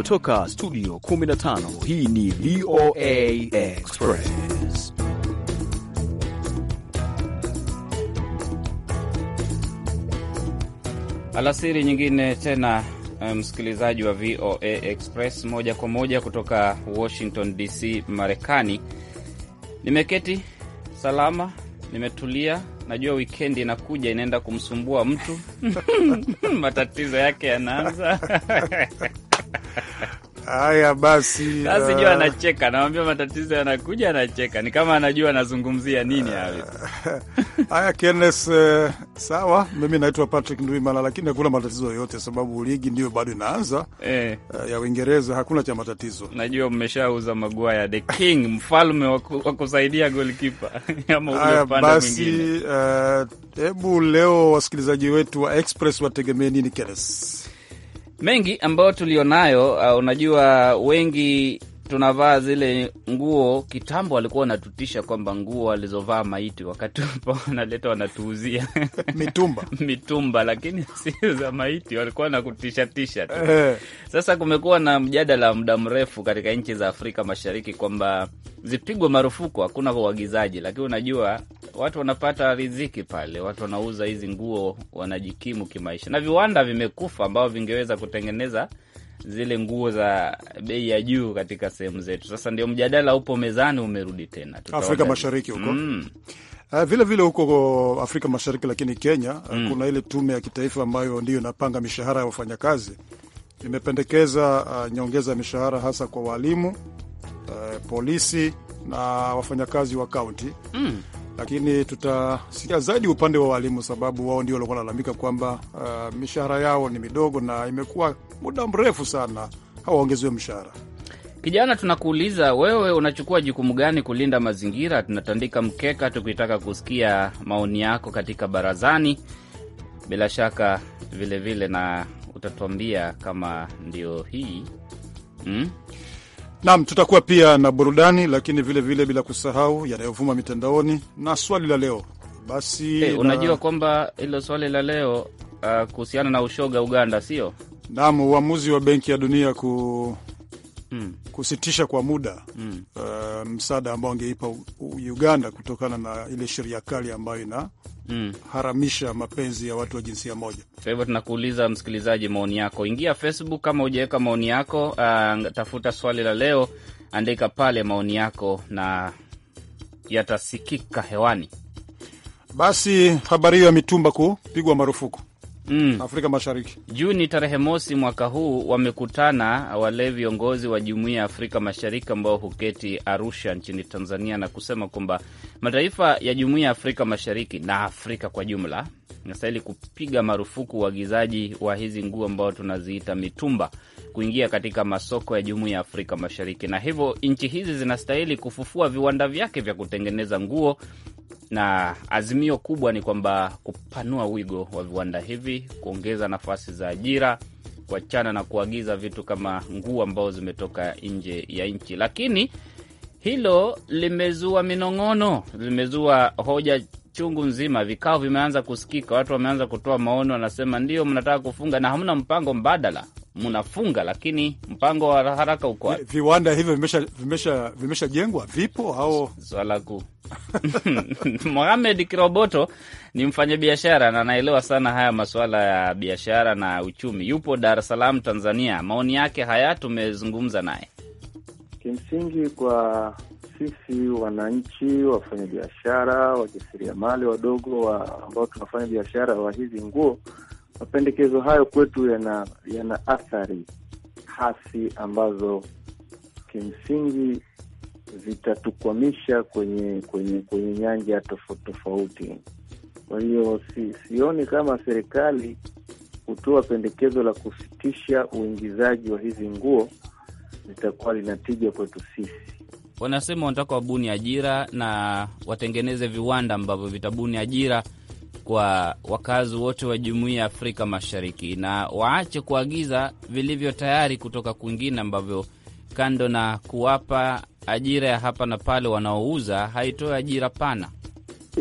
Kutoka studio 15 hii ni VOA Express. Alasiri nyingine tena, eh, msikilizaji um, wa VOA Express moja kwa moja kutoka Washington DC, Marekani. Nimeketi salama, nimetulia. Najua wikendi inakuja inaenda kumsumbua mtu matatizo yake yanaanza Haya basi, basi jua uh, anacheka, nawambia matatizo yanakuja, anacheka ni kama anajua anazungumzia nini. Uh, haya Kenes, uh, sawa. Mimi naitwa Patrick Ndwimana, lakini hakuna matatizo yoyote sababu ligi ndiyo bado inaanza eh, uh, ya Uingereza. Hakuna cha matatizo, najua mmeshauza ya the king mfalme wa kusaidia golkipa ama basi, hebu uh, leo wasikilizaji wetu wa Express wategemee nini Kenes? mengi ambayo tulionayo. Uh, unajua wengi tunavaa zile nguo. Kitambo walikuwa wanatutisha kwamba nguo walizovaa maiti wakati wakatupa wanaleta wanatuuzia mitumba mitumba, lakini si za maiti, walikuwa wanakutishatisha tu. Sasa kumekuwa na mjadala wa muda mrefu katika nchi za Afrika Mashariki kwamba zipigwe marufuku, hakuna uagizaji, lakini unajua watu wanapata riziki pale, watu wanauza hizi nguo, wanajikimu kimaisha, na viwanda vimekufa ambao vingeweza kutengeneza zile nguo za bei ya juu katika sehemu zetu. Sasa ndio mjadala upo mezani, umerudi tena Afrika Mashariki huko mm. Uh, vile vile huko Afrika Mashariki lakini Kenya uh, mm. kuna ile tume ya kitaifa ambayo ndiyo inapanga mishahara ya wafanyakazi imependekeza uh, nyongeza ya mishahara hasa kwa walimu uh, polisi na wafanyakazi wa kaunti mm lakini tutasikia zaidi upande wa walimu, sababu wao ndio walikuwa wanalalamika kwamba uh, mishahara yao ni midogo na imekuwa muda mrefu sana hawaongeziwe mshahara. Kijana, tunakuuliza wewe, unachukua jukumu gani kulinda mazingira? Tunatandika mkeka tukitaka kusikia maoni yako katika barazani, bila shaka vilevile vile, na utatuambia kama ndio hii mm? Naam, tutakuwa pia na burudani, lakini vile vile bila kusahau yanayovuma mitandaoni na swali la leo. Basi hey, eh, na... unajua kwamba hilo swali la leo uh, kuhusiana na ushoga Uganda, sio? Naam, uamuzi wa Benki ya Dunia ku Hmm. kusitisha kwa muda hmm. uh, msaada ambao angeipa Uganda kutokana na ile sheria kali ambayo ina haramisha mapenzi ya watu wa jinsia moja. Kwa hivyo tunakuuliza msikilizaji, maoni yako, ingia Facebook kama hujaweka maoni yako. Uh, tafuta swali la leo, andika pale maoni yako na yatasikika hewani. Basi habari hiyo ya mitumba kupigwa marufuku mm. Afrika Mashariki. Juni tarehe mosi mwaka huu wamekutana wale viongozi wa jumuiya ya Afrika Mashariki ambao huketi Arusha nchini Tanzania na kusema kwamba mataifa ya jumuiya ya Afrika Mashariki na Afrika kwa jumla inastahili kupiga marufuku uagizaji wa, wa hizi nguo ambao tunaziita mitumba kuingia katika masoko ya jumuiya ya Afrika Mashariki, na hivyo nchi hizi zinastahili kufufua viwanda vyake vya kutengeneza nguo na azimio kubwa ni kwamba kupanua wigo wa viwanda hivi, kuongeza nafasi za ajira, kuachana na kuagiza vitu kama nguo ambazo zimetoka nje ya nchi. Lakini hilo limezua minong'ono, limezua hoja chungu nzima. Vikao vimeanza kusikika, watu wameanza kutoa maoni, wanasema ndio mnataka kufunga na hamna mpango mbadala mnafunga, lakini mpango wa haraka uko wapi? Viwanda hivyo vimeshajengwa, vimesha, vipo au swala kuu Mohamed Kiroboto ni mfanyabiashara na anaelewa sana haya masuala ya biashara na uchumi, yupo Dar es Salaam, Tanzania. Maoni yake haya, tumezungumza naye. Kimsingi kwa sisi wananchi, wafanyabiashara, wajasiriamali wadogo wa ambao tunafanya biashara wa hizi nguo Mapendekezo hayo kwetu yana, yana athari hasi ambazo kimsingi zitatukwamisha kwenye kwenye kwenye nyanja tofauti tofauti. Kwa hiyo si, sioni kama serikali kutoa pendekezo la kusitisha uingizaji wa hizi nguo litakuwa linatija kwetu sisi. Wanasema wanataka wabuni ajira na watengeneze viwanda ambavyo vitabuni ajira kwa wakazi wote wa jumuiya ya Afrika Mashariki na waache kuagiza vilivyo tayari kutoka kwingine ambavyo kando na kuwapa ajira ya hapa na pale wanaouza haitoe ajira pana.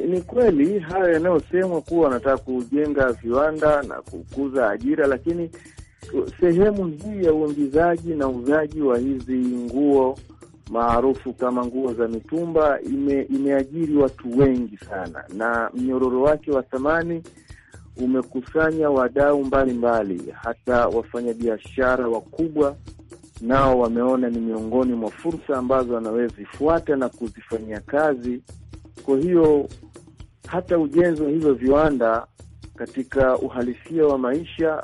Ni kweli hayo yanayosemwa kuwa wanataka kujenga viwanda na kukuza ajira, lakini sehemu hii ya uingizaji na uuzaji wa hizi nguo maarufu kama nguo za mitumba ime, imeajiri watu wengi sana, na mnyororo wake wa thamani umekusanya wadau mbalimbali, hata wafanyabiashara wakubwa nao wameona ni miongoni mwa fursa ambazo wanawezifuata na kuzifanyia kazi. Kwa hiyo hata ujenzi wa hivyo viwanda katika uhalisia wa maisha,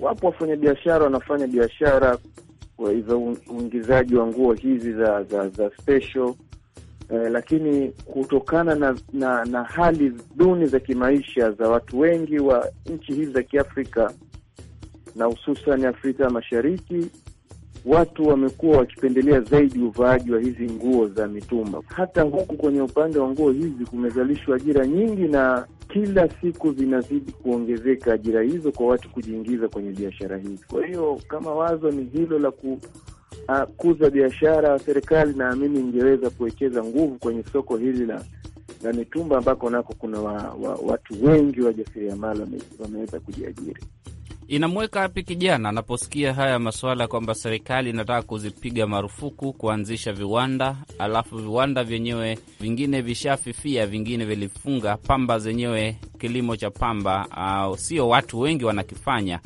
wapo wafanyabiashara wanafanya biashara kwa hivyo uingizaji wa nguo hizi za za, za special eh, lakini kutokana na, na na hali duni za kimaisha za watu wengi wa nchi hizi za Kiafrika na hususan Afrika Mashariki watu wamekuwa wakipendelea zaidi uvaaji wa hizi nguo za mitumba. Hata huku kwenye upande wa nguo hizi kumezalishwa ajira nyingi, na kila siku zinazidi kuongezeka ajira hizo kwa watu kujiingiza kwenye biashara hizi. Kwa hiyo kama wazo ni hilo la ku a, ah, kuza biashara, serikali naamini ingeweza kuwekeza nguvu kwenye soko hili la la mitumba ambako nako kuna wa, wa, watu wengi wajasiriamali wameweza kujiajiri inamweka hapi kijana anaposikia haya masuala kwamba serikali inataka kuzipiga marufuku kuanzisha viwanda, alafu viwanda vyenyewe vingine vishafifia, vingine vilifunga. Pamba zenyewe, kilimo cha pamba uh, sio watu wengi wanakifanya.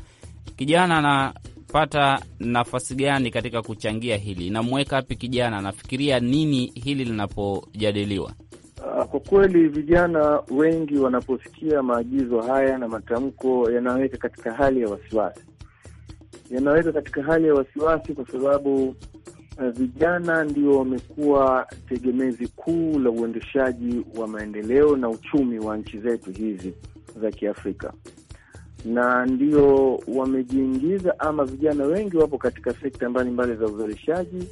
Kijana anapata nafasi gani katika kuchangia hili? Inamweka hapi kijana, anafikiria nini hili linapojadiliwa? Kwa kweli vijana wengi wanaposikia maagizo haya na matamko yanaweka katika hali ya wasiwasi, yanaweka katika hali ya wasiwasi kwa sababu uh, vijana ndio wamekuwa tegemezi kuu la uendeshaji wa maendeleo na uchumi wa nchi zetu hizi za Kiafrika na ndio wamejiingiza ama vijana wengi wapo katika sekta mbalimbali za uzalishaji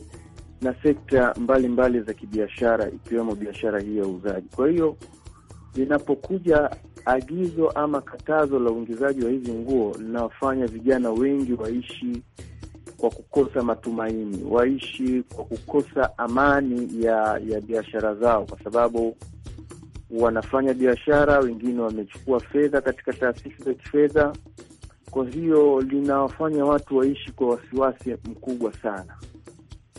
na sekta mbalimbali za kibiashara ikiwemo biashara hii ya uuzaji. Kwa hiyo linapokuja agizo ama katazo la uingizaji wa hizi nguo linawafanya vijana wengi waishi kwa kukosa matumaini, waishi kwa kukosa amani ya ya biashara zao, kwa sababu wanafanya biashara, wengine wamechukua fedha katika taasisi za kifedha. Kwa hiyo linawafanya watu waishi kwa wasiwasi mkubwa sana.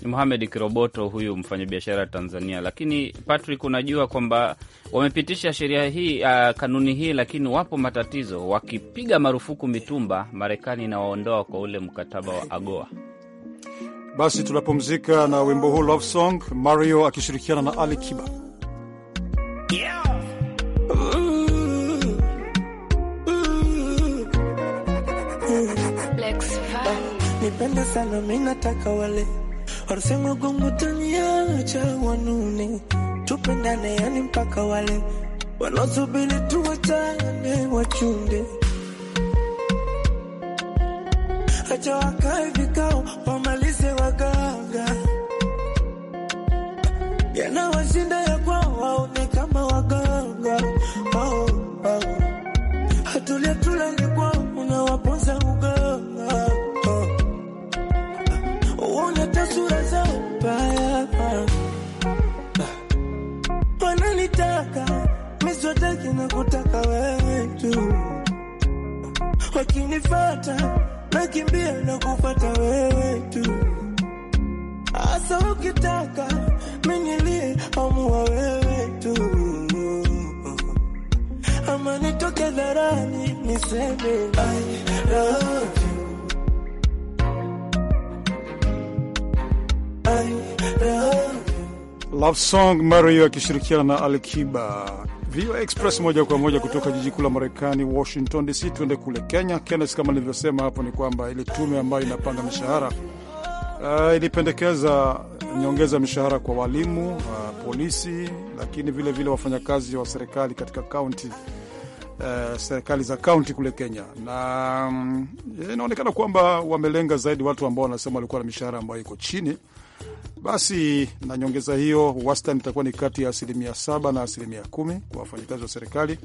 Mohamed Kiroboto, huyu mfanyabiashara Tanzania. Lakini Patrick, unajua kwamba wamepitisha sheria hii, uh, kanuni hii, lakini wapo matatizo. Wakipiga marufuku mitumba, Marekani inawaondoa kwa ule mkataba wa AGOA. Basi tunapumzika na wimbo huu Love Song, Mario akishirikiana na Ali Kiba. yeah. Wanasema ugongo utaniacha, wanune tupendane, yani mpaka wale wanaosubiri tuwachane wachunde, acha wakae vikao wamalize waga nakimbia na kupata wewe tu, hasa ukitaka minilie amua wewe tu, ama nitoke dharani niseme I love you. Love song Mario akishirikiana na Alikiba VOA Express moja kwa moja kutoka jiji kuu la Marekani, Washington DC. Tuende kule Kenya. kennes kama nilivyosema hapo, ni kwamba ile tume ambayo inapanga mishahara uh, ilipendekeza nyongeza mishahara kwa walimu uh, polisi, lakini vilevile wafanyakazi wa serikali katika kaunti uh, serikali za kaunti kule Kenya, na um, inaonekana kwamba wamelenga zaidi watu ambao wanasema walikuwa na mishahara ambayo iko chini basi na nyongeza hiyo, wastani itakuwa ni kati ya asilimia saba na asilimia kumi kwa wafanyakazi wa serikali.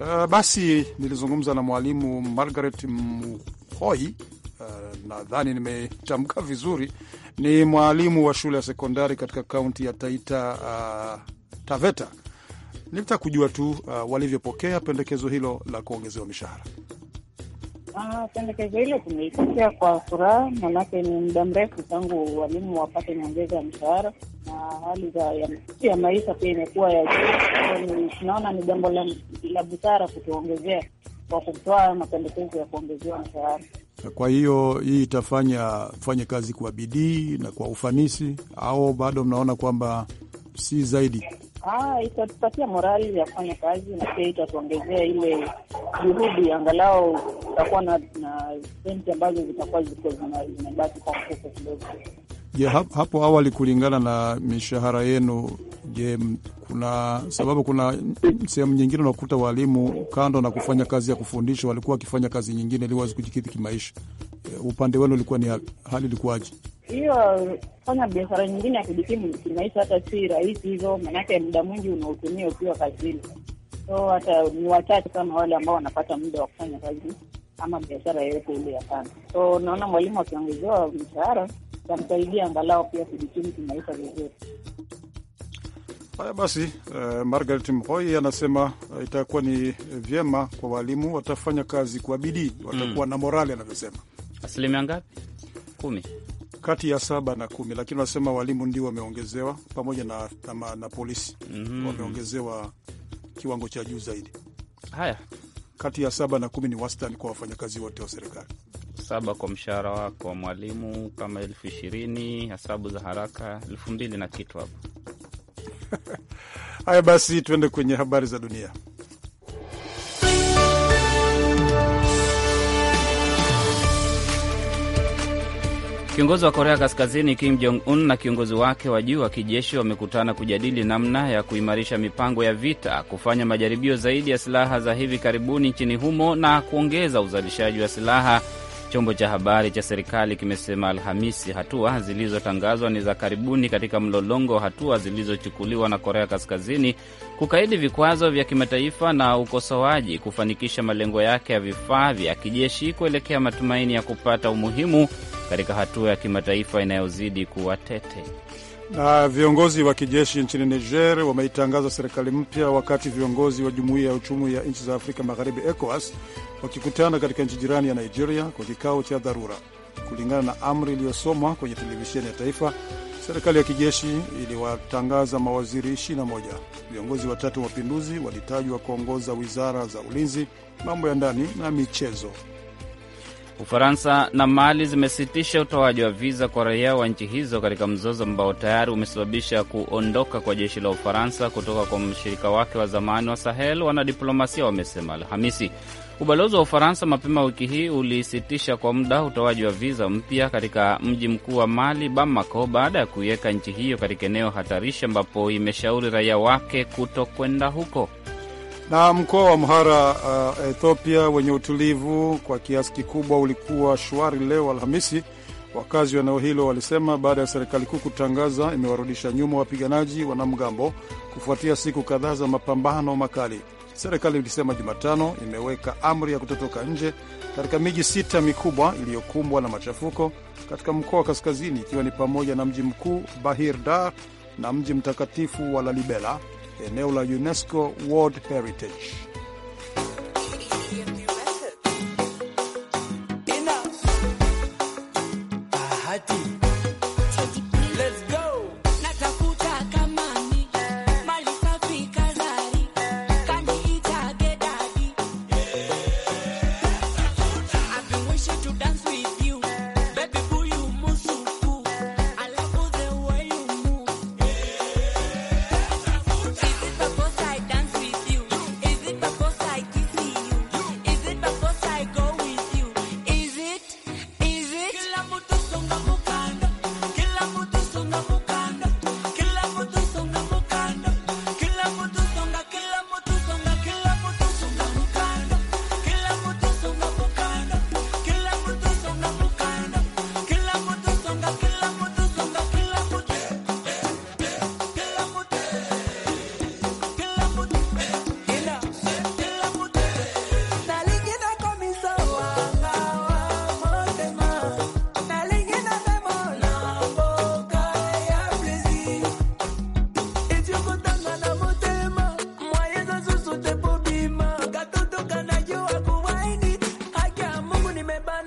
Uh, basi nilizungumza na mwalimu Margaret Muhoi. Uh, nadhani nimetamka vizuri. Ni mwalimu wa shule ya sekondari katika kaunti ya Taita uh, Taveta. Nilitaka kujua tu uh, walivyopokea pendekezo hilo la kuongezewa mishahara. Pendekezo hilo tumeipokea kwa furaha, manake ni muda mrefu tangu walimu wapate nyongeza ya mshahara na hali za ya, ya maisha pia imekuwa ya juu. Tunaona ni jambo la busara kutuongezea kwa kutoa mapendekezo ya kuongezewa mshahara. Kwa hiyo hii itafanya fanye kazi kwa bidii na kwa ufanisi, au bado mnaona kwamba si zaidi Ah, itatupatia morali ya kufanya kazi na pia itatuongezea ile juhudi, angalau tutakuwa na senti ambazo zitakuwa ziko zinabaki kwa mfuko kidogo. Je, hapo awali kulingana na mishahara yenu, je, kuna sababu, kuna sehemu nyingine unakuta walimu kando na kufanya kazi ya kufundisha walikuwa wakifanya kazi nyingine ili waweze kujikidhi kimaisha upande wenu ulikuwa ni hali ilikuwaje? Hiyo fanya biashara nyingine ya kujikimu kimaisha hata si rahisi hivyo, maanake muda mwingi unaotumia ukiwa kazini, so hata ni wachache sana wale ambao wanapata muda wa kufanya kazi ama biashara yoyote ile ya sana. So naona mwalimu akiongezewa mshahara tamsaidia angalau pia kujikimu kimaisha vizuri. Haya basi, uh, Margaret Mhoi anasema uh, itakuwa ni eh, vyema kwa walimu watafanya kazi kwa bidii, watakuwa mm, na morali anavyosema asilimia ngapi? Kumi, kati ya saba na kumi, lakini wanasema walimu ndio wameongezewa pamoja na, na, na polisi mm -hmm. wameongezewa kiwango cha juu zaidi. Haya, kati ya saba na kumi ni wastani kwa wafanyakazi wote wa serikali. Saba kwa mshahara wako wa mwalimu kama elfu ishirini hesabu za haraka elfu mbili na kitu hapo. Haya basi, tuende kwenye habari za dunia. Kiongozi wa Korea Kaskazini Kim Jong Un na kiongozi wake wa juu wa kijeshi wamekutana kujadili namna ya kuimarisha mipango ya vita, kufanya majaribio zaidi ya silaha za hivi karibuni nchini humo na kuongeza uzalishaji wa silaha. Chombo cha habari cha serikali kimesema Alhamisi hatua zilizotangazwa ni za karibuni katika mlolongo wa hatua zilizochukuliwa na Korea Kaskazini kukaidi vikwazo vya kimataifa na ukosoaji kufanikisha malengo yake ya vifaa vya kijeshi kuelekea matumaini ya kupata umuhimu katika hatua ya kimataifa inayozidi kuwa tete. Na viongozi wa kijeshi nchini Niger wameitangaza serikali mpya, wakati viongozi wa jumuiya ya uchumi ya nchi za Afrika Magharibi, ECOWAS, wakikutana katika nchi jirani ya Nigeria kwa kikao cha dharura. Kulingana na amri iliyosomwa kwenye televisheni ya taifa, serikali ya kijeshi iliwatangaza mawaziri 21. Viongozi watatu wa mapinduzi walitajwa kuongoza wizara za ulinzi, mambo ya ndani na michezo. Ufaransa na Mali zimesitisha utoaji wa viza kwa raia wa nchi hizo katika mzozo ambao tayari umesababisha kuondoka kwa jeshi la Ufaransa kutoka kwa mshirika wake wa zamani wa Sahel, wanadiplomasia wamesema Alhamisi. Ubalozi wa Ufaransa mapema wiki hii ulisitisha kwa muda utoaji wa viza mpya katika mji mkuu wa Mali, Bamako, baada ya kuiweka nchi hiyo katika eneo hatarishi ambapo imeshauri raia wake kutokwenda huko. Na mkoa wa Mhara uh, Ethiopia, wenye utulivu kwa kiasi kikubwa ulikuwa shwari leo Alhamisi, wakazi wa eneo hilo walisema baada ya serikali kuu kutangaza imewarudisha nyuma wapiganaji wanamgambo kufuatia siku kadhaa za mapambano makali. Serikali ilisema Jumatano imeweka amri ya kutotoka nje katika miji sita mikubwa iliyokumbwa na machafuko katika mkoa wa kaskazini, ikiwa ni pamoja na mji mkuu Bahir Dar na mji mtakatifu wa Lalibela eneo la UNESCO World Heritage.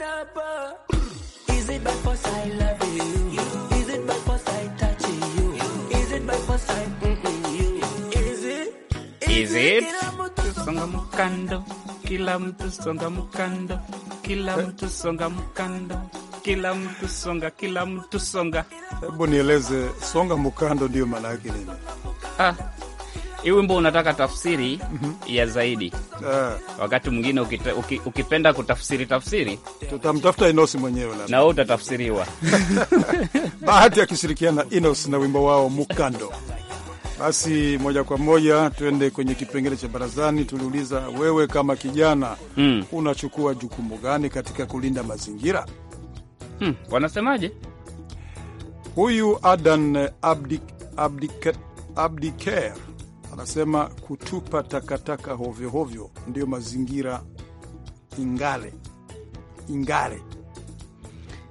Is Songa mkando, kila mtu songa mkando, kila mtu songa mkando, kila mtu songa, kila mtu songa. Hebu nieleze songa mkando ndio maana yake nini? Ah hii wimbo unataka tafsiri mm -hmm. ya zaidi yeah. Wakati mwingine uki, ukipenda kutafsiri tafsiri, tutamtafuta Inosi mwenyewe na wewe utatafsiriwa. Bahati akishirikiana Inos na wimbo wao Mukando. Basi moja kwa moja tuende kwenye kipengele cha barazani. Tuliuliza, wewe kama kijana mm. unachukua jukumu gani katika kulinda mazingira? Hmm, wanasemaje? Huyu Adan Abdi, Abdi, Abdi, Anasema kutupa takataka hovyohovyo ndiyo mazingira ingale ingale.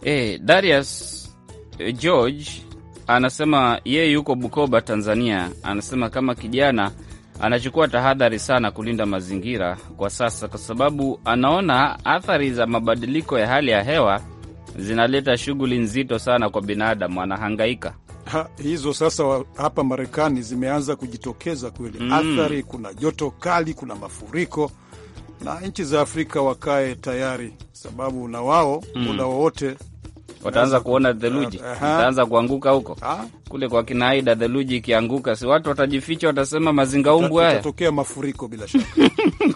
Hey, eh, Darius eh, George anasema yeye yuko Bukoba, Tanzania. Anasema kama kijana anachukua tahadhari sana kulinda mazingira kwa sasa, kwa sababu anaona athari za mabadiliko ya hali ya hewa zinaleta shughuli nzito sana kwa binadamu, anahangaika. Ha, hizo sasa wa, hapa Marekani zimeanza kujitokeza kweli mm. Athari, kuna joto kali, kuna mafuriko na nchi za Afrika wakae tayari, sababu na wao mm. muda mm. wowote wataanza eh, kuona theluji itaanza eh, eh, kuanguka huko kule kwa kinaida. Theluji ikianguka, si watu watajificha, watasema mazingaumbu haya, tatokea mafuriko bila shaka.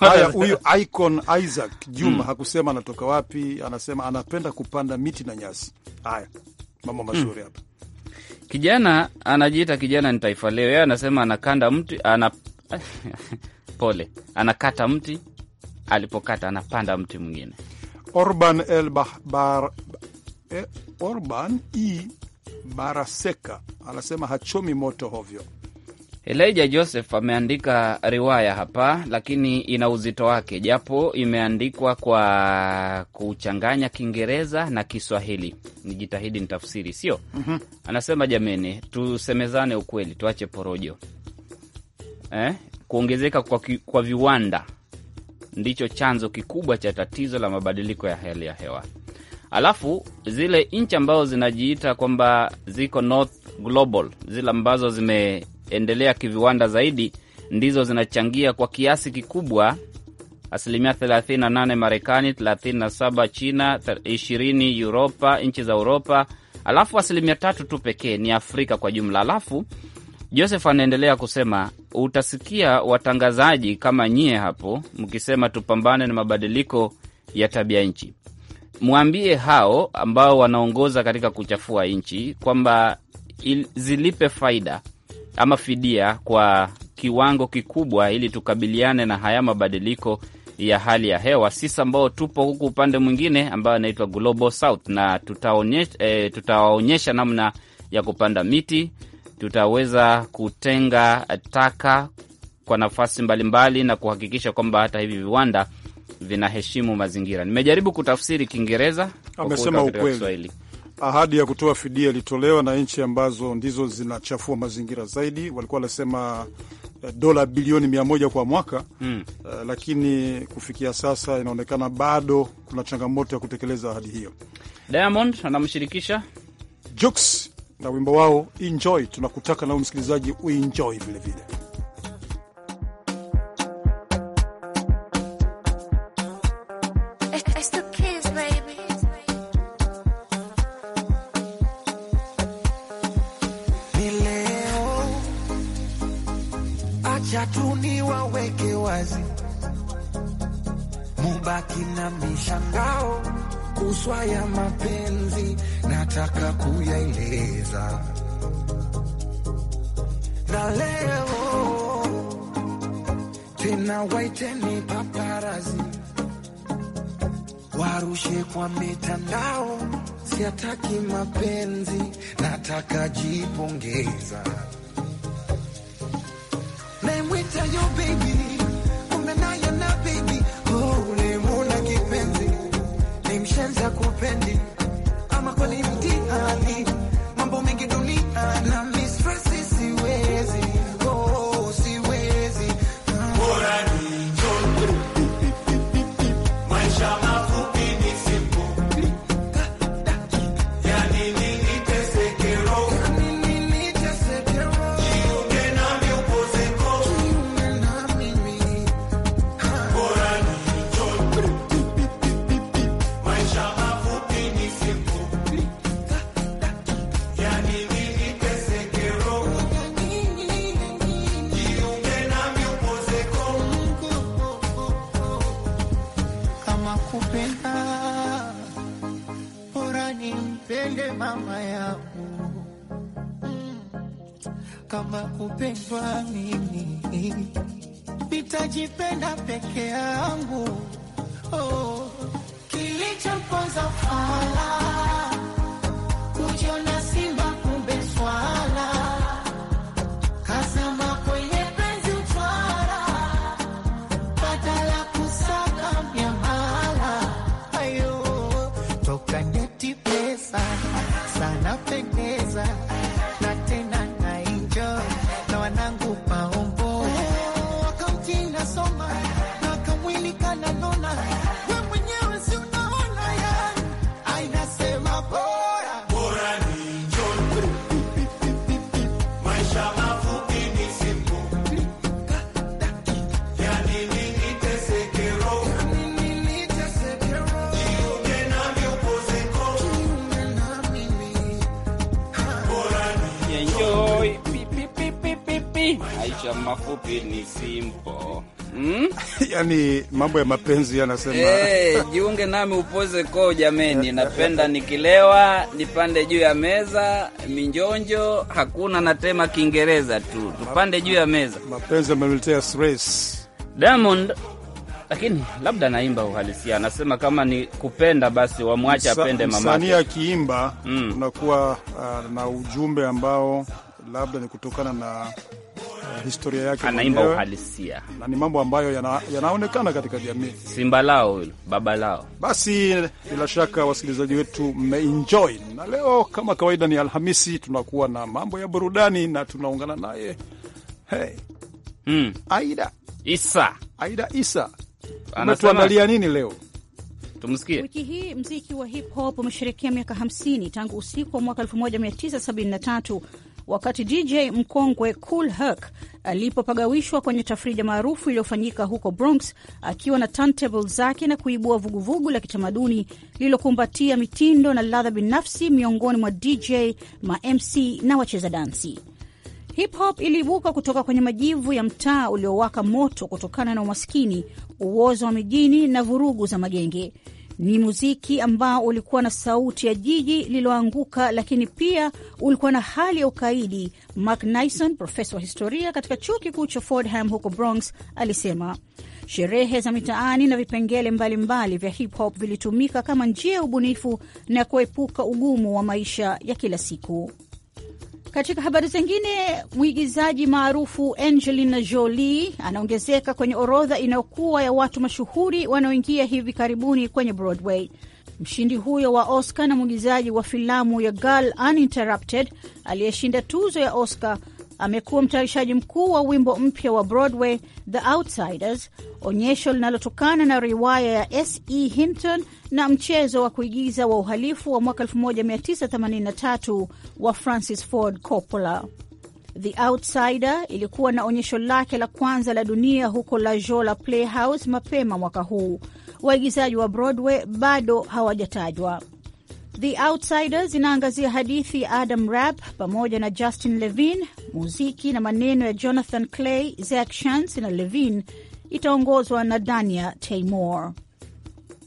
Haya, huyu Icon Isaac Juma mm. hakusema anatoka wapi, anasema anapenda kupanda miti na nyasi. Haya, mambo mazuri mm. hapa mm. Kijana anajiita kijana ni Taifa Leo, yeye anasema anakanda mti ana pole, anakata mti, alipokata anapanda mti mwingine. Orban El Bahbar, eh, Orban E Baraseka anasema hachomi moto hovyo elija Joseph ameandika riwaya hapa, lakini ina uzito wake, japo imeandikwa kwa kuchanganya Kiingereza na Kiswahili. Nijitahidi nitafsiri, sio? mm -hmm. Anasema jameni, tusemezane ukweli, tuache porojo eh? Kuongezeka kwa, kwa viwanda ndicho chanzo kikubwa cha tatizo la mabadiliko ya hali ya hewa. Alafu zile nchi ambazo zinajiita kwamba ziko north global, zile ambazo zime zinazoendelea kiviwanda zaidi ndizo zinachangia kwa kiasi kikubwa asilimia 38, Marekani 37, China 20, Uropa, nchi za Uropa, alafu asilimia tatu tu pekee ni Afrika kwa jumla. Alafu Joseph anaendelea kusema, utasikia watangazaji kama nyie hapo mkisema tupambane na mabadiliko ya tabia nchi. Mwambie hao ambao wanaongoza katika kuchafua nchi kwamba zilipe faida ama fidia kwa kiwango kikubwa, ili tukabiliane na haya mabadiliko ya hali ya hewa, sisi ambao tupo huku upande mwingine ambayo anaitwa Global South, na tutawaonyesha eh, tutawaonyesha namna ya kupanda miti, tutaweza kutenga taka kwa nafasi mbalimbali mbali, na kuhakikisha kwamba hata hivi viwanda vinaheshimu mazingira. Nimejaribu kutafsiri Kiingereza, amesema ukweli ahadi ya kutoa fidia ilitolewa na nchi ambazo ndizo zinachafua mazingira zaidi. Walikuwa wanasema eh, dola bilioni mia moja kwa mwaka mm. Uh, lakini kufikia sasa inaonekana bado kuna changamoto ya kutekeleza ahadi hiyo. Diamond anamshirikisha Jux na wimbo wao Enjoy. Tunakutaka nao msikilizaji uenjoy vilevile. ya mapenzi nataka kuyaeleza, na leo tena waiteni paparazi warushe kwa mitandao, siataki mapenzi, nataka jipongeza, namwita yo baby mimi nitajipenda peke yangu. Oh, kilichoponza fala enjoy pi, pi, pi, pi, pi. Maisha mafupi ni simple Mm? Yani, mambo ya mapenzi yanasema, hey, eh, jiunge nami upoze koo jameni. Napenda nikilewa nipande juu ya meza, minjonjo hakuna, natema Kiingereza tu tupande juu ya meza. Mapenzi yameniletea stress. Diamond lakini labda naimba uhalisia. Anasema kama ni kupenda basi wamwache apende mama. Msanii akiimba mm, unakuwa uh, na ujumbe ambao labda ni kutokana na uh, historia yake, anaimba uhalisia na ni mambo ambayo yana, yanaonekana katika jamii. Simba lao hilo baba lao. Basi bila shaka wasikilizaji wetu mmeenjoy, na leo kama kawaida ni Alhamisi, tunakuwa na mambo ya burudani na tunaungana naye hey. mm. Aida Isa, Aida Isa umetuandalia nini leo? Tumsikie. Wiki hii mziki wa hip hop umesherekea miaka 50 tangu usiku wa mwaka 1973 wakati DJ mkongwe Cool Herc alipopagawishwa kwenye tafrija maarufu iliyofanyika huko Bronx akiwa na turntable zake na kuibua vuguvugu vugu la kitamaduni lililokumbatia mitindo na ladha binafsi miongoni mwa DJ ma MC na wacheza dansi. Hip hop iliibuka kutoka kwenye majivu ya mtaa uliowaka moto kutokana na umaskini, uozo wa mijini na vurugu za magenge. Ni muziki ambao ulikuwa na sauti ya jiji lililoanguka, lakini pia ulikuwa na hali ya ukaidi. Mark Nison, profesa wa historia katika chuo kikuu cha Fordham huko Bronx, alisema sherehe za mitaani na vipengele mbalimbali mbali vya hip hop vilitumika kama njia ya ubunifu na kuepuka ugumu wa maisha ya kila siku. Katika habari zingine, mwigizaji maarufu Angelina Jolie anaongezeka kwenye orodha inayokuwa ya watu mashuhuri wanaoingia hivi karibuni kwenye Broadway. Mshindi huyo wa Oscar na mwigizaji wa filamu ya Girl Uninterrupted aliyeshinda tuzo ya Oscar amekuwa mtayarishaji mkuu wa wimbo mpya wa Broadway The Outsiders, onyesho linalotokana na riwaya ya S.E. Hinton na mchezo wa kuigiza wa uhalifu wa mwaka 1983 wa Francis Ford Coppola. The Outsider ilikuwa na onyesho lake la kwanza la dunia huko La Jolla Playhouse mapema mwaka huu. Waigizaji wa Broadway bado hawajatajwa. The Outsiders inaangazia hadithi ya Adam Rapp pamoja na Justin levine Muziki na maneno ya Jonathan Clay, Zack Chance na levine itaongozwa na Dania Taymor.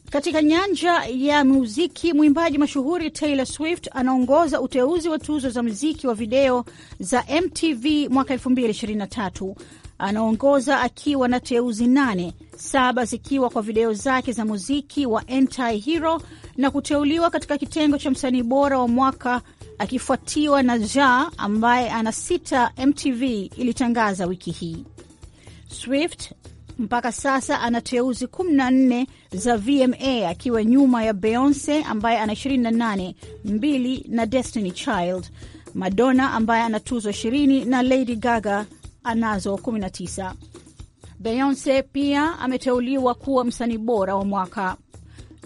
Katika nyanja ya muziki, mwimbaji mashuhuri Taylor Swift anaongoza uteuzi wa tuzo za muziki wa video za MTV mwaka 2023. Anaongoza akiwa na teuzi nane, saba zikiwa kwa video zake za muziki wa Anti-Hero na kuteuliwa katika kitengo cha msanii bora wa mwaka, akifuatiwa na Ja ambaye ana sita, MTV ilitangaza wiki hii. Swift mpaka sasa ana teuzi 14 za VMA akiwa nyuma ya Beyonce ambaye ana 28, mbili na Destiny Child, Madonna ambaye ana tuzo 20 na Lady Gaga anazo 19. Beyonce pia ameteuliwa kuwa msanii bora wa mwaka.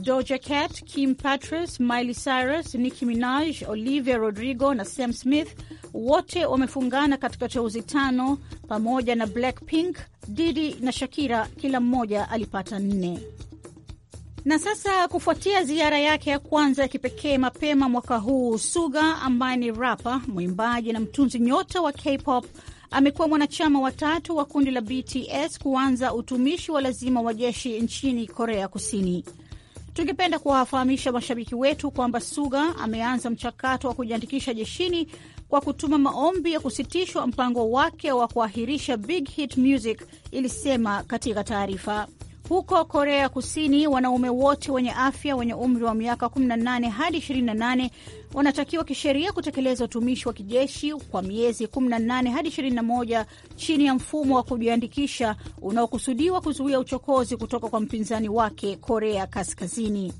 Doja Cat, Kim Petras, Miley Cyrus, Nicki Minaj, Olivia Rodrigo na Sam Smith wote wamefungana katika teuzi tano pamoja na Blackpink, Didi na Shakira kila mmoja alipata nne. Na sasa kufuatia ziara yake ya kwanza ya kipekee mapema mwaka huu, Suga ambaye ni rapa, mwimbaji na mtunzi nyota wa K-pop amekuwa mwanachama watatu wa kundi la BTS kuanza utumishi wa lazima wa jeshi nchini Korea Kusini. Tungependa kuwafahamisha mashabiki wetu kwamba Suga ameanza mchakato wa kujiandikisha jeshini kwa kutuma maombi ya kusitishwa mpango wake wa kuahirisha Big Hit Music, ilisema katika taarifa. Huko Korea Kusini, wanaume wote wenye afya wenye umri wa miaka 18 hadi 28 wanatakiwa kisheria kutekeleza utumishi wa kijeshi kwa miezi 18 hadi 21 chini ya mfumo wa kujiandikisha unaokusudiwa kuzuia uchokozi kutoka kwa mpinzani wake Korea Kaskazini.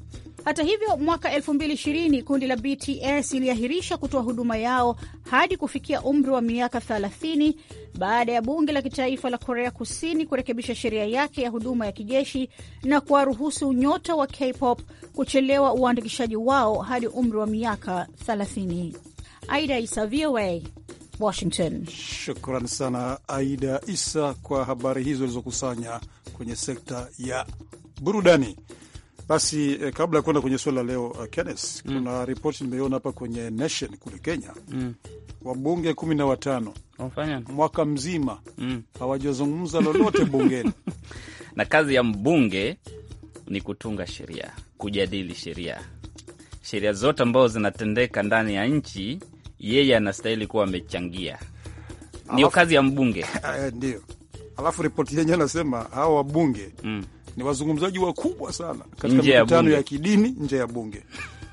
Hata hivyo, mwaka 2020 kundi la BTS iliahirisha kutoa huduma yao hadi kufikia umri wa miaka 30 baada ya bunge la kitaifa la Korea Kusini kurekebisha sheria yake ya huduma ya kijeshi na kuwaruhusu nyota wa K-pop kuchelewa uandikishaji wao hadi umri wa miaka 30. Aida Isa, VOA, Washington. Shukran sana Aida Isa kwa habari hizo ilizokusanya kwenye sekta ya burudani. Basi eh, kabla ya kuenda kwenye swala la leo uh, Kenneth, mm. kuna ripoti nimeiona hapa kwenye Nation kule Kenya mm. wabunge kumi na watano mwaka mzima mm. hawajazungumza lolote bungeni na kazi ya mbunge ni kutunga sheria, kujadili sheria, sheria zote ambazo zinatendeka ndani ya nchi, yeye anastahili kuwa amechangia. Ndio kazi ya mbunge. Eh, ndio alafu ripoti yenyewe anasema hawa wabunge mm ni wazungumzaji wakubwa sana katika mikutano ya, ya kidini nje ya bunge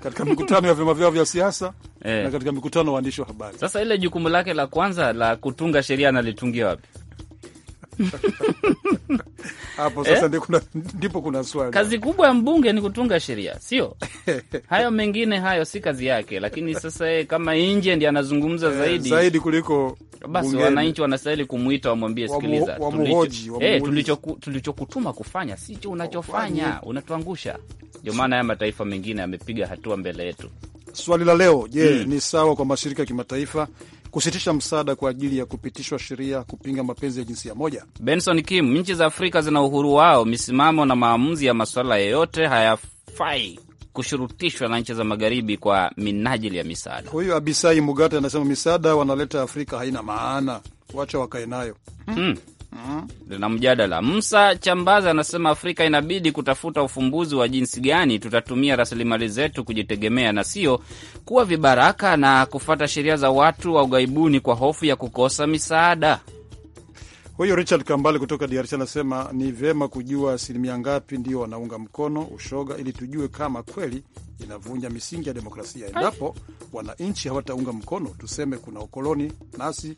katika mikutano ya vyama vyao vya siasa eh, na katika mikutano waandishi wa habari. Sasa ile jukumu lake la kwanza la kutunga sheria analitungia wapi? hapo sasa eh? Kuna, ndipo kuna swali. Kazi kubwa ya mbunge ni kutunga sheria, sio hayo mengine, hayo si kazi yake, lakini sasa yeye kama nje ndi anazungumza eh, zaidi zaidi kuliko basi, wananchi wanastahili kumwita wamwambie, sikiliza, eh, tulichokutuma kufanya sicho unachofanya, unatuangusha. Ndio maana haya mataifa mengine yamepiga hatua mbele yetu. Swali la leo, je, hmm, ni sawa kwa mashirika ya kimataifa kusitisha msaada kwa ajili ya kupitishwa sheria kupinga mapenzi ya jinsia moja. Benson Kim, nchi za Afrika zina uhuru wao, misimamo na maamuzi ya masuala yoyote hayafai kushurutishwa na nchi za magharibi kwa minajili ya misaada. Huyu Abisai Mugate anasema misaada wanaleta Afrika haina maana, wacha wakae nayo. hmm. -hmm. lina mjadala. msa Chambaza anasema Afrika inabidi kutafuta ufumbuzi wa jinsi gani tutatumia rasilimali zetu kujitegemea na sio kuwa vibaraka na kufata sheria za watu wa ughaibuni kwa hofu ya kukosa misaada. Huyu Richard Kambale kutoka DRC anasema ni vyema kujua asilimia ngapi ndio wanaunga mkono ushoga ili tujue kama kweli inavunja misingi ya demokrasia. Endapo wananchi hawataunga mkono, tuseme kuna ukoloni, nasi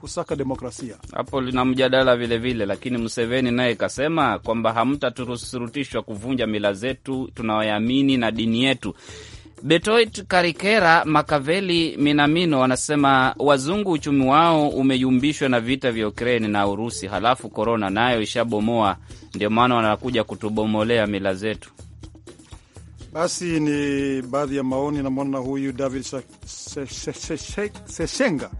kusaka demokrasia. Hapo lina mjadala vilevile, lakini Museveni naye kasema kwamba hamtaturusurutishwa kuvunja mila zetu tunayoamini na dini yetu. Betoit Karikera Makaveli Minamino wanasema wazungu uchumi wao umeyumbishwa na vita vya Ukraini na Urusi, halafu korona nayo ishabomoa, ndio maana wanakuja kutubomolea mila zetu. Basi ni baadhi ya maoni. Namwona huyu David Seshenga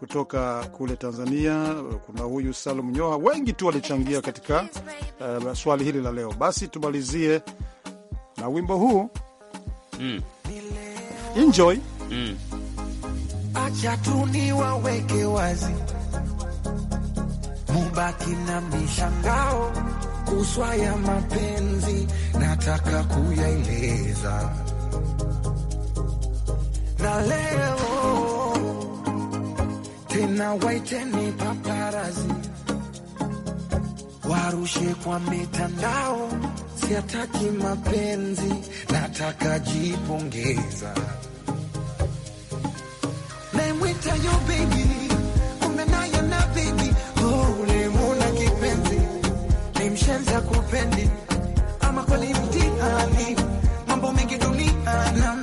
kutoka kule Tanzania. Kuna huyu Salum Nyoha, wengi tu walichangia katika uh, swali hili la leo. Basi tumalizie na wimbo huu mm. Enjoy mm. Acha tu wazi, mubaki na mishangao kuswa ya mapenzi, nataka kuyaeleza na leo tena waiteni paparazi warushe kwa mitandao, siataki mapenzi, nataka jipongeza. Nemwita yo bebi, kumbe nayo na bebi, oh, ulimuna kipenzi, ni kupendi ama kweli mtihani, mambo mengi duniani